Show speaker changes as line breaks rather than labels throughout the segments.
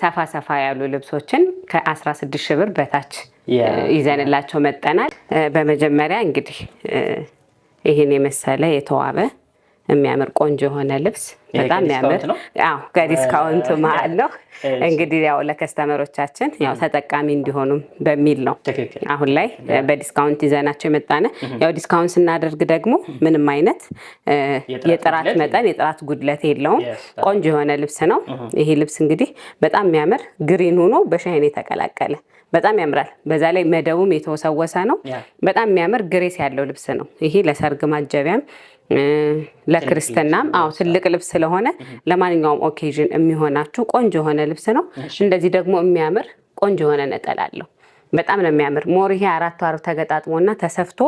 ሰፋ ሰፋ ያሉ ልብሶችን ከ16 ሺህ ብር በታች ይዘንላቸው መጠናል። በመጀመሪያ እንግዲህ ይህን የመሰለ የተዋበ የሚያምር ቆንጆ የሆነ ልብስ
በጣም የሚያምር
ከዲስካውንቱ መሀል ነው እንግዲህ ያው ለከስተመሮቻችን ያው ተጠቃሚ እንዲሆኑም በሚል ነው አሁን ላይ በዲስካውንት ይዘናቸው የመጣነ። ያው ዲስካውንት ስናደርግ ደግሞ ምንም አይነት የጥራት መጠን የጥራት ጉድለት የለውም። ቆንጆ የሆነ ልብስ ነው። ይሄ ልብስ እንግዲህ በጣም የሚያምር ግሪን ሆኖ በሻይን የተቀላቀለ በጣም ያምራል። በዛ ላይ መደቡም የተወሰወሰ ነው። በጣም የሚያምር ግሬስ ያለው ልብስ ነው። ይሄ ለሰርግ ማጀቢያም ለክርስትናም አዎ ትልቅ ልብስ ስለሆነ ለማንኛውም ኦኬዥን የሚሆናችሁ ቆንጆ የሆነ ልብስ ነው። እንደዚህ ደግሞ የሚያምር ቆንጆ የሆነ ነጠላ አለው። በጣም ነው የሚያምር። ሞር ይሄ አራቱ አር ተገጣጥሞ እና ተሰፍቶ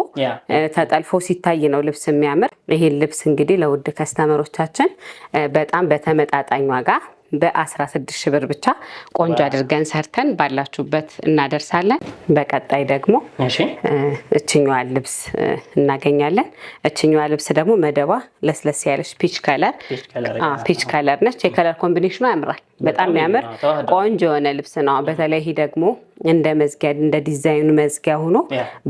ተጠልፎ ሲታይ ነው ልብስ የሚያምር። ይሄን ልብስ እንግዲህ ለውድ ከስተመሮቻችን በጣም በተመጣጣኝ ዋጋ በ16 ሺህ ብር ብቻ ቆንጆ አድርገን ሰርተን ባላችሁበት እናደርሳለን። በቀጣይ ደግሞ እችኛዋ ልብስ እናገኛለን። እችኛዋ ልብስ ደግሞ መደቧ ለስለስ ያለች ፒች ከለር ፒች ከለር ነች። የከለር ኮምቢኔሽኑ ያምራል። በጣም የሚያምር ቆንጆ የሆነ ልብስ ነው። በተለይ ደግሞ እንደ መዝጊያ እንደ ዲዛይኑ መዝጊያ ሆኖ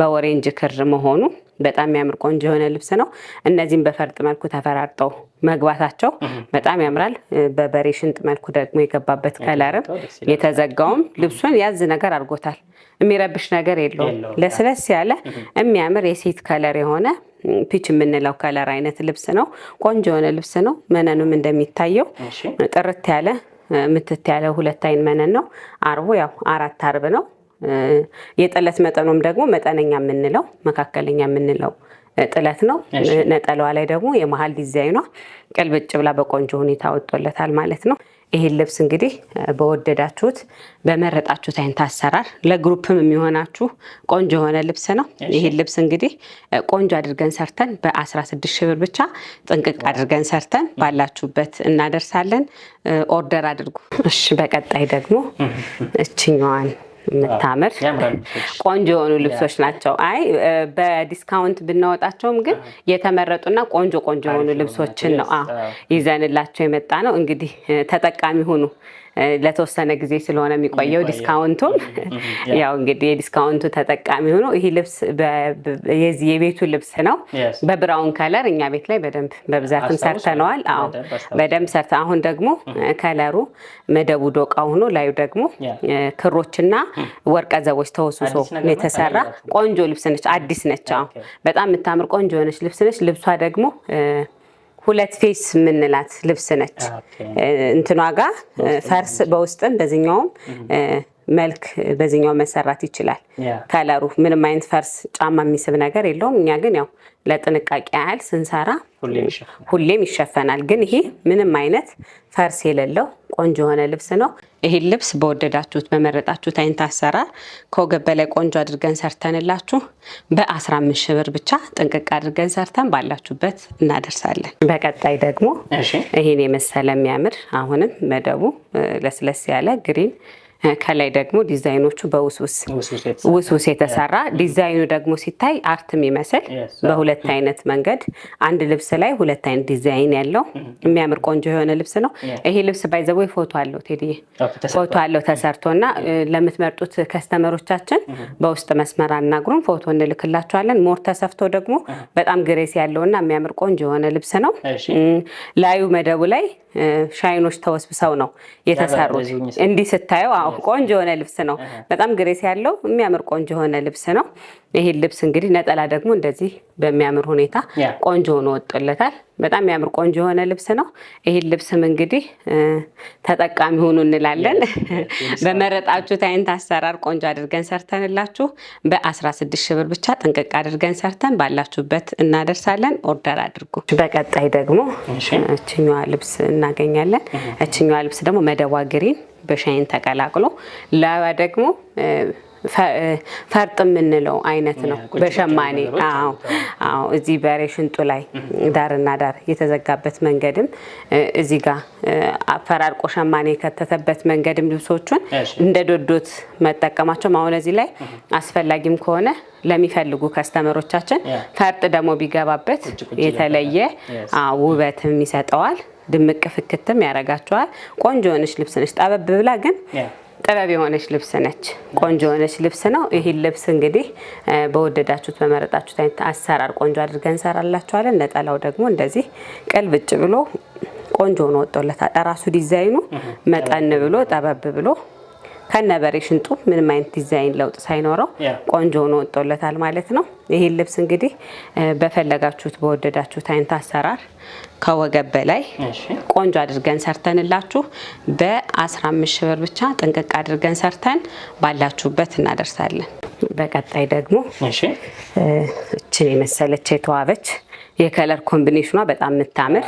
በኦሬንጅ ክር መሆኑ በጣም የሚያምር ቆንጆ የሆነ ልብስ ነው። እነዚህም በፈርጥ መልኩ ተፈራርጠው መግባታቸው በጣም ያምራል። በበሬ ሽንጥ መልኩ ደግሞ የገባበት ከለርም የተዘጋውም ልብሱን ያዝ ነገር አድርጎታል። የሚረብሽ ነገር የለውም። ለስለስ ያለ የሚያምር የሴት ከለር የሆነ ፒች የምንለው ከለር አይነት ልብስ ነው። ቆንጆ የሆነ ልብስ ነው። መነኑም እንደሚታየው ጥርት ያለ ምትት ያለ ሁለት አይን መነን ነው። አርቡ ያው አራት አርብ ነው። የጥለት መጠኑም ደግሞ መጠነኛ የምንለው መካከለኛ የምንለው ጥለት ነው። ነጠላዋ ላይ ደግሞ የመሀል ዲዛይኗ ቅልብጭ ብላ በቆንጆ ሁኔታ ወጥቶለታል ማለት ነው። ይህን ልብስ እንግዲህ በወደዳችሁት በመረጣችሁት አይነት አሰራር ለግሩፕም የሚሆናችሁ ቆንጆ የሆነ ልብስ ነው። ይህን ልብስ እንግዲህ ቆንጆ አድርገን ሰርተን በ16 ሺህ ብር ብቻ ጥንቅቅ አድርገን ሰርተን ባላችሁበት እናደርሳለን። ኦርደር አድርጉ እሺ። በቀጣይ ደግሞ እችኛዋን የምታምር ቆንጆ የሆኑ ልብሶች ናቸው። አይ በዲስካውንት ብናወጣቸውም ግን የተመረጡና ቆንጆ ቆንጆ የሆኑ ልብሶችን ነው ይዘንላቸው የመጣ ነው። እንግዲህ ተጠቃሚ ሁኑ። ለተወሰነ ጊዜ ስለሆነ የሚቆየው ዲስካውንቱም ያው እንግዲህ የዲስካውንቱ ተጠቃሚ ሆኖ ይህ ልብስ የዚህ የቤቱ ልብስ ነው። በብራውን ከለር እኛ ቤት ላይ በደንብ በብዛትም ሰርተነዋል። አዎ በደንብ ሰርተ አሁን ደግሞ ከለሩ መደቡ ዶቃ ሆኖ ላዩ ደግሞ ክሮችና ወርቀ ዘቦች ተወስሶ የተሰራ ቆንጆ ልብስ ነች። አዲስ ነች። አዎ በጣም የምታምር ቆንጆ የሆነች ልብስ ነች። ልብሷ ደግሞ ሁለት ፌስ የምንላት ልብስ ነች። እንትኗ ጋ ፈርስ በውስጥም በዚኛውም መልክ በዚህኛው መሰራት ይችላል። ከለሩ ምንም አይነት ፈርስ ጫማ የሚስብ ነገር የለውም። እኛ ግን ያው ለጥንቃቄ ያህል ስንሰራ ሁሌም ይሸፈናል። ግን ይሄ ምንም አይነት ፈርስ የሌለው ቆንጆ የሆነ ልብስ ነው። ይህን ልብስ በወደዳችሁት በመረጣችሁት አይነት አሰራር ከወገብ በላይ ቆንጆ አድርገን ሰርተንላችሁ በ15 ሺህ ብር ብቻ ጥንቅቅ አድርገን ሰርተን ባላችሁበት እናደርሳለን። በቀጣይ ደግሞ ይህን የመሰለ የሚያምር አሁንም መደቡ ለስለስ ያለ ግሪን ከላይ ደግሞ ዲዛይኖቹ ውሱስ የተሰራ ዲዛይኑ ደግሞ ሲታይ አርት የሚመስል በሁለት አይነት መንገድ አንድ ልብስ ላይ ሁለት አይነት ዲዛይን ያለው የሚያምር ቆንጆ የሆነ ልብስ ነው። ይሄ ልብስ ባይዘቦ ፎቶ አለው ቴዲዬ፣ ፎቶ አለው ተሰርቶ እና ለምትመርጡት ከስተመሮቻችን በውስጥ መስመር አናግሩን፣ ፎቶ እንልክላቸዋለን። ሞር ተሰፍቶ ደግሞ በጣም ግሬስ ያለውና የሚያምር ቆንጆ የሆነ ልብስ ነው። ላዩ መደቡ ላይ ሻይኖች ተወስብሰው ነው የተሰሩት እንዲህ ስታየው ቆንጆ የሆነ ልብስ ነው። በጣም ግሬስ ያለው የሚያምር ቆንጆ የሆነ ልብስ ነው። ይሄን ልብስ እንግዲህ ነጠላ ደግሞ እንደዚህ በሚያምር ሁኔታ ቆንጆ ሆኖ ወጥቶለታል። በጣም የሚያምር ቆንጆ የሆነ ልብስ ነው። ይህን ልብስም እንግዲህ ተጠቃሚ ሆኑ እንላለን። በመረጣችሁት አይነት አሰራር ቆንጆ አድርገን ሰርተንላችሁ በ16 ሺህ ብር ብቻ ጥንቅቅ አድርገን ሰርተን ባላችሁበት እናደርሳለን። ኦርደር አድርጉ። በቀጣይ ደግሞ እችኛዋ ልብስ እናገኛለን። እችኛዋ ልብስ ደግሞ መደቧ ግሪን በሻይን ተቀላቅሎ ላባ ደግሞ ፈርጥ የምንለው አይነት ነው። በሸማኔ አዎ፣ አዎ። እዚህ በሬ ሽንጡ ላይ ዳርና ዳር የተዘጋበት መንገድም እዚህ ጋር አፈራርቆ ሸማኔ የከተተበት መንገድም ልብሶቹን እንደ ዶዶት መጠቀማቸውም አሁን እዚህ ላይ አስፈላጊም ከሆነ ለሚፈልጉ ከስተመሮቻችን ፈርጥ ደግሞ ቢገባበት የተለየ ውበትም ይሰጠዋል። ድምቅ ፍክትም ያደርጋቸዋል። ቆንጆ የሆነች ልብስ ነች። ጠበብ ብላ ግን ጥበብ የሆነች ልብስ ነች። ቆንጆ የሆነች ልብስ ነው። ይህን ልብስ እንግዲህ በወደዳችሁት በመረጣችሁት አይነት አሰራር ቆንጆ አድርገን እንሰራላችኋለን። ነጠላው ደግሞ እንደዚህ ቅልብጭ ብሎ ቆንጆ ሆኖ ወጥቶለታል። ራሱ ዲዛይኑ መጠን ብሎ ጠበብ ብሎ ከነ ጡብ ሽንጡ ምንም አይነት ዲዛይን ለውጥ ሳይኖረው ቆንጆ ሆኖ ወጥቶለታል ማለት ነው። ይህን ልብስ እንግዲህ በፈለጋችሁት በወደዳችሁት አይነት አሰራር ከወገብ በላይ ቆንጆ አድርገን ሰርተንላችሁ በ15 ብር ብቻ ጥንቅቅ አድርገን ሰርተን ባላችሁበት እናደርሳለን። በቀጣይ ደግሞ እችን የመሰለች የተዋበች የከለር ኮምቢኔሽኗ በጣም የምታምር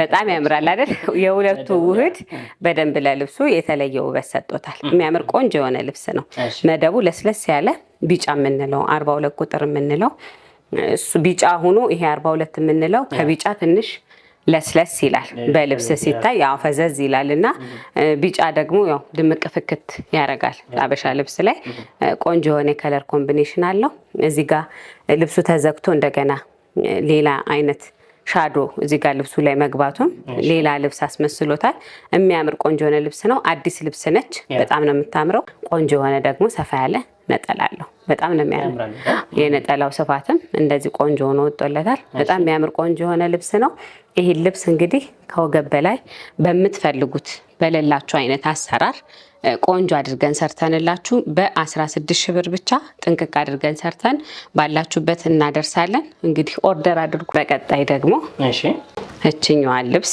በጣም ያምራል አይደል? የሁለቱ ውህድ በደንብ ለልብሱ የተለየ ውበት ሰጥቶታል። የሚያምር ቆንጆ የሆነ ልብስ ነው። መደቡ ለስለስ ያለ ቢጫ የምንለው አርባ ሁለት ቁጥር የምንለው እሱ ቢጫ ሆኖ ይሄ አርባ ሁለት የምንለው ከቢጫ ትንሽ ለስለስ ይላል በልብስ ሲታይ ያው ፈዘዝ ይላል እና ቢጫ ደግሞ ያው ድምቅ ፍክት ያደርጋል። አበሻ ልብስ ላይ ቆንጆ የሆነ የከለር ኮምቢኔሽን አለው። እዚህ ጋር ልብሱ ተዘግቶ እንደገና ሌላ አይነት ሻዶ እዚህ ጋር ልብሱ ላይ መግባቱም ሌላ ልብስ አስመስሎታል። የሚያምር ቆንጆ የሆነ ልብስ ነው። አዲስ ልብስ ነች። በጣም ነው የምታምረው። ቆንጆ የሆነ ደግሞ ሰፋ ያለ ነጠላለሁ። በጣም ነው የሚያምር። የነጠላው ስፋትም እንደዚህ ቆንጆ ሆኖ ወጥቶለታል። በጣም የሚያምር ቆንጆ የሆነ ልብስ ነው። ይህ ልብስ እንግዲህ ከወገብ በላይ በምትፈልጉት በሌላችሁ አይነት አሰራር ቆንጆ አድርገን ሰርተንላችሁ በ16 ሺህ ብር ብቻ ጥንቅቅ አድርገን ሰርተን ባላችሁበት እናደርሳለን። እንግዲህ ኦርደር አድርጉ። በቀጣይ ደግሞ እችኛዋን ልብስ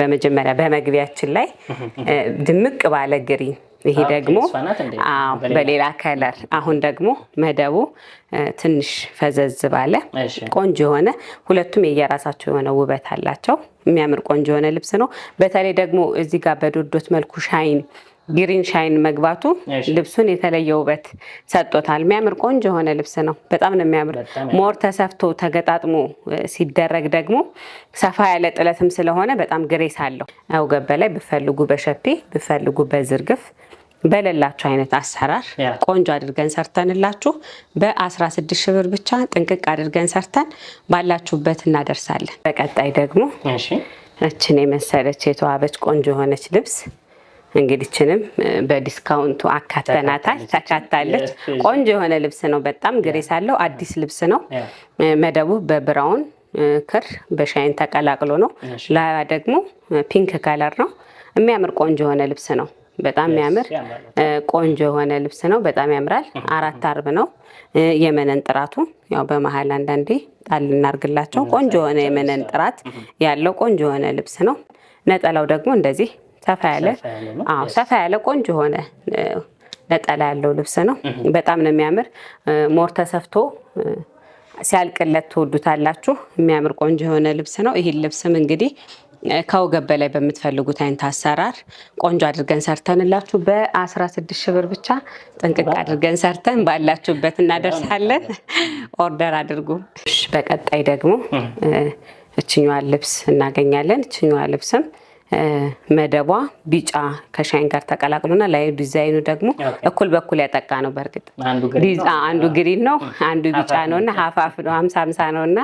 በመጀመሪያ በመግቢያችን ላይ ድምቅ ባለ ግሪን ይሄ ደግሞ በሌላ ከለር። አሁን ደግሞ መደቡ ትንሽ ፈዘዝ ባለ ቆንጆ የሆነ ሁለቱም የየራሳቸው የሆነ ውበት አላቸው። የሚያምር ቆንጆ የሆነ ልብስ ነው። በተለይ ደግሞ እዚህ ጋር በዶዶት መልኩ ሻይን ግሪን ሻይን መግባቱ ልብሱን የተለየ ውበት ሰጥቶታል። የሚያምር ቆንጆ የሆነ ልብስ ነው። በጣም ነው የሚያምር። ሞር ተሰፍቶ ተገጣጥሞ ሲደረግ ደግሞ ሰፋ ያለ ጥለትም ስለሆነ በጣም ግሬስ አለው። አውገበ ላይ ብፈልጉ በሸፔ ብፈልጉ በዝርግፍ በሌላችሁ አይነት አሰራር ቆንጆ አድርገን ሰርተንላችሁ በ16 ሺህ ብር ብቻ ጥንቅቅ አድርገን ሰርተን ባላችሁበት እናደርሳለን። በቀጣይ ደግሞ እችን የመሰለች የተዋበች ቆንጆ የሆነች ልብስ እንግዲችንም በዲስካውንቱ አካተናታል። ተካታለች። ቆንጆ የሆነ ልብስ ነው። በጣም ግሬስ አለው። አዲስ ልብስ ነው። መደቡ በብራውን ክር በሻይን ተቀላቅሎ ነው። ላያ ደግሞ ፒንክ ከለር ነው። የሚያምር ቆንጆ የሆነ ልብስ ነው። በጣም የሚያምር ቆንጆ የሆነ ልብስ ነው። በጣም ያምራል። አራት አርብ ነው የመነን ጥራቱ ያው በመሀል አንዳንዴ ጣል እናርግላቸው። ቆንጆ የሆነ የመነን ጥራት ያለው ቆንጆ የሆነ ልብስ ነው። ነጠላው ደግሞ እንደዚህ ሰፋ ያለ አዎ፣ ሰፋ ያለ ቆንጆ የሆነ ነጠላ ያለው ልብስ ነው። በጣም ነው የሚያምር። ሞር ተሰፍቶ ሲያልቅለት ትወዱታላችሁ። የሚያምር ቆንጆ የሆነ ልብስ ነው። ይህን ልብስም እንግዲህ ከወገብ በላይ በምትፈልጉት አይነት አሰራር ቆንጆ አድርገን ሰርተንላችሁ በ16 ሺህ ብር ብቻ ጥንቅቅ አድርገን ሰርተን ባላችሁበት እናደርሳለን። ኦርደር አድርጉ። በቀጣይ ደግሞ እችኛዋን ልብስ እናገኛለን። እችኛዋ ልብስም መደቧ ቢጫ ከሻይን ጋር ተቀላቅሎና ላይ ዲዛይኑ ደግሞ እኩል በኩል ያጠቃ ነው። በእርግጥ አንዱ ግሪን ነው፣ አንዱ ቢጫ ነው እና ሀፋፍ ነው ሀምሳ ሀምሳ ነው እና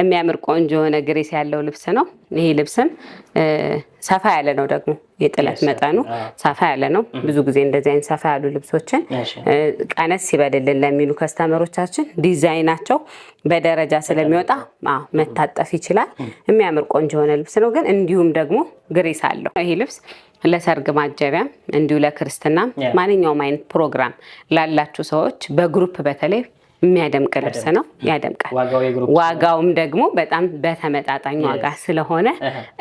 የሚያምር ቆንጆ የሆነ ግሬስ ያለው ልብስ ነው። ይሄ ልብስም ሰፋ ያለ ነው ደግሞ የጥለት መጠኑ ah. ሰፋ ያለ ነው። mm-hmm. ብዙ ጊዜ እንደዚህ አይነት ሰፋ ያሉ ልብሶችን ቀነስ ይበልልን ለሚሉ ከስተመሮቻችን ዲዛይናቸው በደረጃ ስለሚወጣ መታጠፍ ይችላል። mm. የሚያምር ቆንጆ የሆነ ልብስ ነው፣ ግን እንዲሁም ደግሞ ግሬስ አለው ይህ ልብስ ለሰርግ ማጀቢያም እንዲሁ ለክርስትና ማንኛውም አይነት ፕሮግራም ላላችሁ ሰዎች በግሩፕ በተለይ የሚያደምቅ ልብስ ነው፣ ያደምቃል። ዋጋውም ደግሞ በጣም በተመጣጣኝ ዋጋ ስለሆነ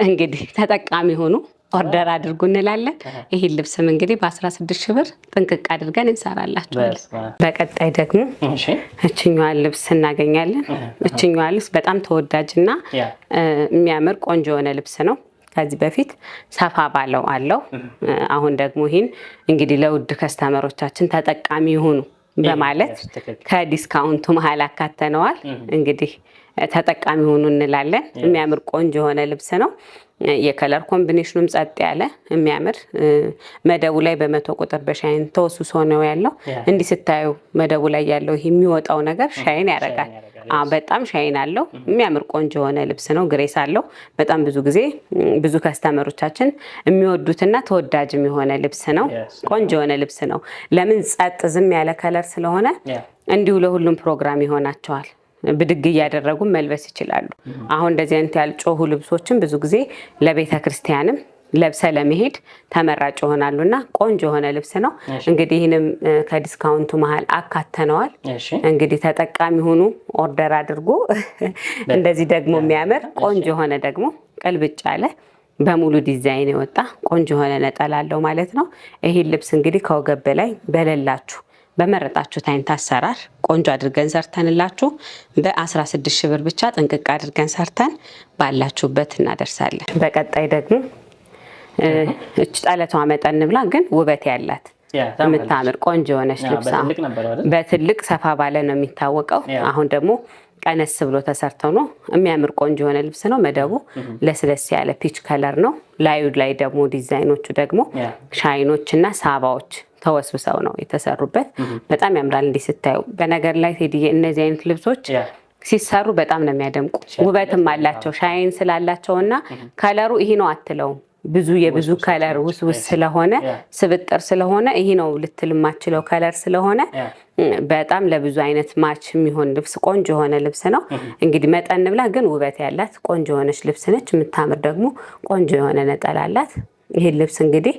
እንግዲህ ተጠቃሚ ሆኑ፣ ኦርደር አድርጉ እንላለን። ይህን ልብስም እንግዲህ በ16 ሺህ ብር ጥንቅቅ አድርገን እንሰራላችኋል። በቀጣይ ደግሞ እችኛዋን ልብስ እናገኛለን። እችኛዋ ልብስ በጣም ተወዳጅና የሚያምር ቆንጆ የሆነ ልብስ ነው። ከዚህ በፊት ሰፋ ባለው አለው። አሁን ደግሞ ይህን እንግዲህ ለውድ ከስተመሮቻችን ተጠቃሚ ይሁኑ በማለት ከዲስካውንቱ መሀል አካተነዋል። እንግዲህ ተጠቃሚ ሆኑ እንላለን። የሚያምር ቆንጆ የሆነ ልብስ ነው። የከለር ኮምቢኔሽኑም ጸጥ ያለ የሚያምር መደቡ ላይ በመቶ ቁጥር በሻይን ተወሱሶ ነው ያለው። እንዲህ ስታዩ መደቡ ላይ ያለው የሚወጣው ነገር ሻይን ያደርጋል። በጣም ሻይን አለው። የሚያምር ቆንጆ የሆነ ልብስ ነው። ግሬስ አለው። በጣም ብዙ ጊዜ ብዙ ከስተመሮቻችን የሚወዱትና ተወዳጅም የሆነ ልብስ ነው። ቆንጆ የሆነ ልብስ ነው። ለምን ጸጥ ዝም ያለ ከለር ስለሆነ እንዲሁ ለሁሉም ፕሮግራም ይሆናቸዋል። ብድግ እያደረጉም መልበስ ይችላሉ። አሁን እንደዚህ አይነት ያልጮሁ ልብሶችን ብዙ ጊዜ ለቤተ ክርስቲያንም ለብሰ ለመሄድ ተመራጭ ይሆናሉ እና ቆንጆ የሆነ ልብስ ነው። እንግዲህ ይህንም ከዲስካውንቱ መሀል አካተነዋል። እንግዲህ ተጠቃሚ ሆኑ። ኦርደር አድርጎ እንደዚህ ደግሞ የሚያምር ቆንጆ የሆነ ደግሞ ቅልብጭ አለ በሙሉ ዲዛይን የወጣ ቆንጆ የሆነ ነጠላ አለው ማለት ነው። ይህን ልብስ እንግዲህ ከወገብ በላይ በሌላችሁ በመረጣችሁት አይነት አሰራር ቆንጆ አድርገን ሰርተንላችሁ በ16 ሺህ ብር ብቻ ጥንቅቅ አድርገን ሰርተን ባላችሁበት እናደርሳለን። በቀጣይ ደግሞ እች ጥለቷ መጠን ብላ ግን ውበት ያላት የምታምር ቆንጆ የሆነች ልብስ በትልቅ ሰፋ ባለ ነው የሚታወቀው። አሁን ደግሞ ቀነስ ብሎ ተሰርተው ነው የሚያምር ቆንጆ የሆነ ልብስ ነው። መደቡ ለስለስ ያለ ፒች ከለር ነው። ላዩ ላይ ደግሞ ዲዛይኖቹ ደግሞ ሻይኖች እና ሳባዎች ተወስብሰው ነው የተሰሩበት። በጣም ያምራል እንዲህ ስታዩ። በነገር ላይ ቴዲዬ እነዚህ አይነት ልብሶች ሲሰሩ በጣም ነው የሚያደምቁ፣ ውበትም አላቸው ሻይን ስላላቸው እና ከለሩ ይህ ነው አትለውም ብዙ የብዙ ከለር ውስውስ ስለሆነ ስብጥር ስለሆነ ይሄ ነው ልትል የማችለው ከለር ስለሆነ በጣም ለብዙ አይነት ማች የሚሆን ልብስ ቆንጆ የሆነ ልብስ ነው። እንግዲህ መጠን ብላ ግን ውበት ያላት ቆንጆ የሆነች ልብስ ነች። የምታምር ደግሞ ቆንጆ የሆነ ነጠላ አላት። ይህን ልብስ እንግዲህ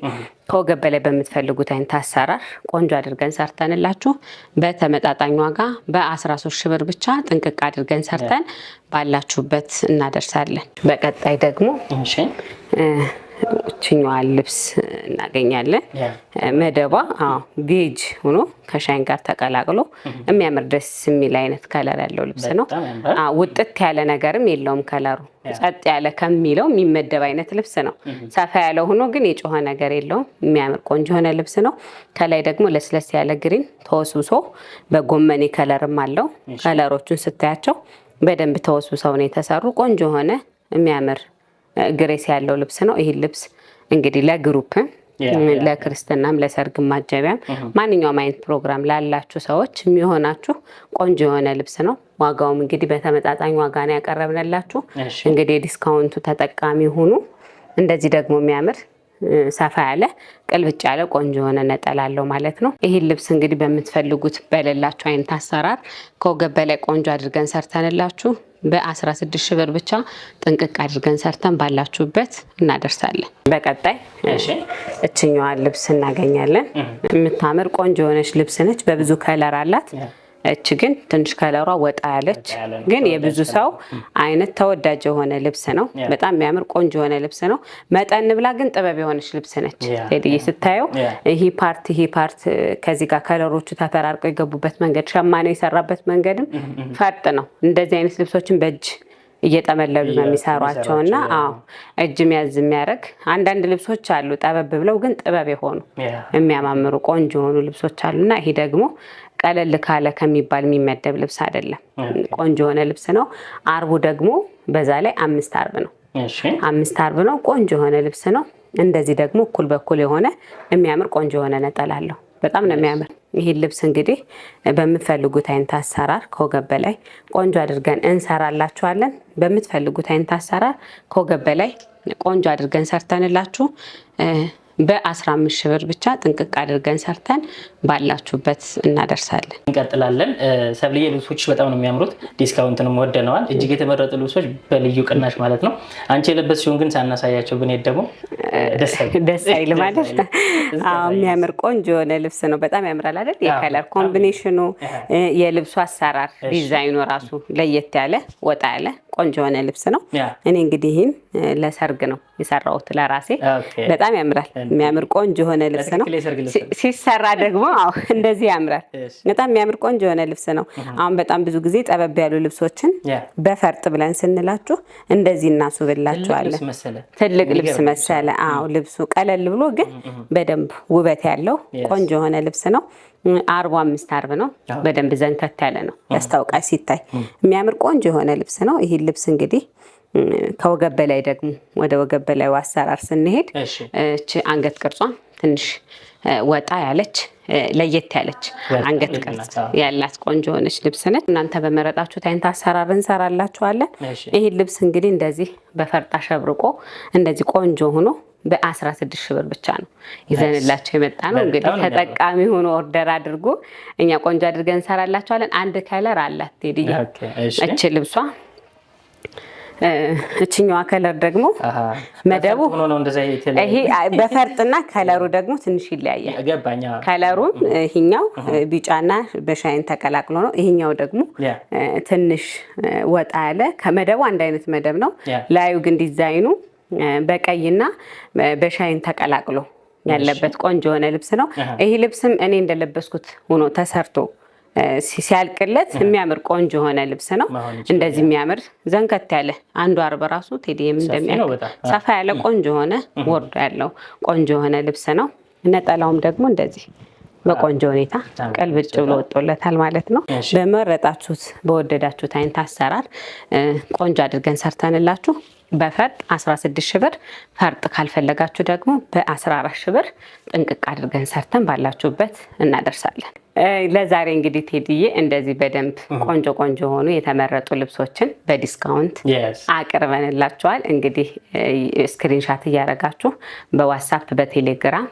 ከወገብ በላይ በምትፈልጉት አይነት አሰራር ቆንጆ አድርገን ሰርተንላችሁ በተመጣጣኝ ዋጋ በ13 ሺህ ብር ብቻ ጥንቅቅ አድርገን ሰርተን ባላችሁበት እናደርሳለን። በቀጣይ ደግሞ እችኛዋን ልብስ እናገኛለን። መደቧ ቤጅ ሆኖ ከሻይን ጋር ተቀላቅሎ የሚያምር ደስ የሚል አይነት ከለር ያለው ልብስ ነው። ውጥት ያለ ነገርም የለውም። ከለሩ ጸጥ ያለ ከሚለው የሚመደብ አይነት ልብስ ነው። ሰፋ ያለ ሆኖ ግን የጮኸ ነገር የለውም። የሚያምር ቆንጆ የሆነ ልብስ ነው። ከላይ ደግሞ ለስለስ ያለ ግሪን ተወስውሶ በጎመኔ ከለርም አለው። ከለሮቹን ስታያቸው በደንብ ተወስውሰው ነው የተሰሩ ቆንጆ የሆነ የሚያምር ግሬስ ያለው ልብስ ነው። ይህ ልብስ እንግዲህ ለግሩፕ ለክርስትናም ለሰርግም ማጀቢያም uh-huh. ማንኛውም አይነት ፕሮግራም ላላችሁ ሰዎች የሚሆናችሁ ቆንጆ የሆነ ልብስ ነው። ዋጋውም እንግዲህ በተመጣጣኝ ዋጋ ነው ያቀረብንላችሁ። እንግዲህ የዲስካውንቱ ተጠቃሚ ሁኑ። እንደዚህ ደግሞ የሚያምር ሰፋ ያለ ቅልብጭ ያለ ቆንጆ የሆነ ነጠላ አለው ማለት ነው። ይህን ልብስ እንግዲህ በምትፈልጉት በሌላችሁ አይነት አሰራር ከወገብ በላይ ቆንጆ አድርገን ሰርተንላችሁ በ16 ሺህ ብር ብቻ ጥንቅቅ አድርገን ሰርተን ባላችሁበት እናደርሳለን። በቀጣይ እችኛዋን ልብስ እናገኛለን። የምታምር ቆንጆ የሆነች ልብስ ነች። በብዙ ከለር አላት። እች ግን ትንሽ ከለሯ ወጣ ያለች ግን የብዙ ሰው አይነት ተወዳጅ የሆነ ልብስ ነው። በጣም የሚያምር ቆንጆ የሆነ ልብስ ነው። መጠን ብላ ግን ጥበብ የሆነች ልብስ ነች። ሄድዬ ስታየው ይሄ ፓርት ይሄ ፓርት ከዚህ ጋር ከለሮቹ ተፈራርቀው የገቡበት መንገድ ሸማኔ የሰራበት መንገድም ፈርጥ ነው። እንደዚህ አይነት ልብሶችን በእጅ እየጠመለሉ ነው የሚሰሯቸው እና አዎ እጅ ሚያዝ የሚያደርግ አንዳንድ ልብሶች አሉ ጠበብ ብለው ግን ጥበብ የሆኑ የሚያማምሩ ቆንጆ የሆኑ ልብሶች አሉ እና ይሄ ደግሞ ቀለል ካለ ከሚባል የሚመደብ ልብስ አይደለም። ቆንጆ የሆነ ልብስ ነው። አርቡ ደግሞ በዛ ላይ አምስት አርብ ነው። አምስት አርብ ነው። ቆንጆ የሆነ ልብስ ነው። እንደዚህ ደግሞ እኩል በኩል የሆነ የሚያምር ቆንጆ የሆነ ነጠላ አለው። በጣም ነው የሚያምር። ይህን ልብስ እንግዲህ በምትፈልጉት አይነት አሰራር ከወገብ በላይ ቆንጆ አድርገን እንሰራላችኋለን። በምትፈልጉት አይነት አሰራር ከወገብ በላይ ቆንጆ አድርገን ሰርተንላችሁ በ15 ሺህ ብር ብቻ ጥንቅቅ አድርገን ሰርተን ባላችሁበት እናደርሳለን።
እንቀጥላለን። ሰብልዬ ልብሶች በጣም ነው የሚያምሩት። ዲስካውንትንም ወደነዋል። እጅግ የተመረጡ ልብሶች በልዩ ቅናሽ ማለት ነው። አንቺ የለበስ ሲሆን ግን ሳናሳያቸው ብንሄድ ደግሞ
ደስ አይል ማለት ነው። የሚያምር ቆንጆ የሆነ ልብስ ነው። በጣም ያምራል አይደል? የከለር ኮምቢኔሽኑ፣ የልብሱ አሰራር ዲዛይኑ ራሱ ለየት ያለ ወጣ ያለ ቆንጆ የሆነ ልብስ ነው። እኔ እንግዲህ ይህን ለሰርግ ነው የሰራሁት ለራሴ። በጣም ያምራል። የሚያምር ቆንጆ የሆነ ልብስ ነው። ሲሰራ ደግሞ እንደዚህ ያምራል። በጣም የሚያምር ቆንጆ የሆነ ልብስ ነው። አሁን በጣም ብዙ ጊዜ ጠበብ ያሉ ልብሶችን በፈርጥ ብለን ስንላችሁ እንደዚህ እናስውብላችኋለን። ትልቅ ልብስ መሰለ። አዎ ልብሱ ቀለል ብሎ ግን በደንብ ውበት ያለው ቆንጆ የሆነ ልብስ ነው። አርባ አምስት አርብ ነው። በደንብ ዘንከት ያለ ነው ያስታውቃል። ሲታይ የሚያምር ቆንጆ የሆነ ልብስ ነው። ይህ ልብስ እንግዲህ ከወገብ በላይ ደግሞ ወደ ወገብ በላይ አሰራር ስንሄድ እች አንገት ቅርጿን ትንሽ ወጣ ያለች ለየት ያለች አንገት ቅርጽ ያላት ቆንጆ የሆነች ልብስ ነች። እናንተ በመረጣችሁት አይነት አሰራር እንሰራላችኋለን። ይህ ልብስ እንግዲህ እንደዚህ በፈርጣ ሸብርቆ እንደዚህ ቆንጆ ሆኖ በ16 ሺህ ብር ብቻ ነው ይዘንላቸው የመጣ ነው። እንግዲህ ተጠቃሚ ሆኖ ኦርደር አድርጎ እኛ ቆንጆ አድርገን እንሰራላቸዋለን። አንድ ከለር አላት ቴዲዬ፣ እች ልብሷ እችኛዋ ከለር ደግሞ መደቡ ይሄ በፈርጥና ከለሩ ደግሞ ትንሽ ይለያያል። ከለሩን ይሄኛው ቢጫና በሻይን ተቀላቅሎ ነው። ይሄኛው ደግሞ ትንሽ ወጣ ያለ ከመደቡ አንድ አይነት መደብ ነው። ላዩ ግን ዲዛይኑ በቀይና በሻይን ተቀላቅሎ ያለበት ቆንጆ የሆነ ልብስ ነው። ይህ ልብስም እኔ እንደለበስኩት ሆኖ ተሰርቶ ሲያልቅለት የሚያምር ቆንጆ የሆነ ልብስ ነው። እንደዚህ የሚያምር ዘንከት ያለ አንዱ አርብ ራሱ ቴዲም እንደሚያ ሰፋ ያለ ቆንጆ የሆነ ወርዶ ያለው ቆንጆ የሆነ ልብስ ነው። ነጠላውም ደግሞ እንደዚህ በቆንጆ ሁኔታ ቀልብጭ ብሎ ወጦለታል ማለት ነው። በመረጣችሁት በወደዳችሁት አይነት አሰራር ቆንጆ አድርገን ሰርተንላችሁ በፈርጥ 16 ሺህ ብር ፈርጥ ካልፈለጋችሁ ደግሞ በ14 ሺህ ብር ጥንቅቅ አድርገን ሰርተን ባላችሁበት እናደርሳለን። ለዛሬ እንግዲህ ቴድዬ እንደዚህ በደንብ ቆንጆ ቆንጆ የሆኑ የተመረጡ ልብሶችን በዲስካውንት አቅርበንላችኋል። እንግዲህ ስክሪንሻት እያደረጋችሁ በዋትሳፕ በቴሌግራም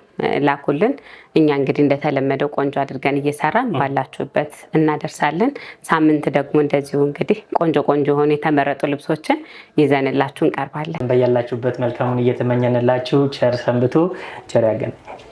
ላኩልን። እኛ እንግዲህ እንደተለመደው ቆንጆ አድርገን እየሰራን ባላችሁበት እናደርሳለን። ሳምንት ደግሞ እንደዚሁ እንግዲህ ቆንጆ ቆንጆ የሆኑ የተመረጡ ልብሶችን ይዘንላችሁ እንቀርባለን።
በያላችሁበት መልካሙን እየተመኘንላችሁ ቸር ሰንብቱ። ቸር ያገናኛል።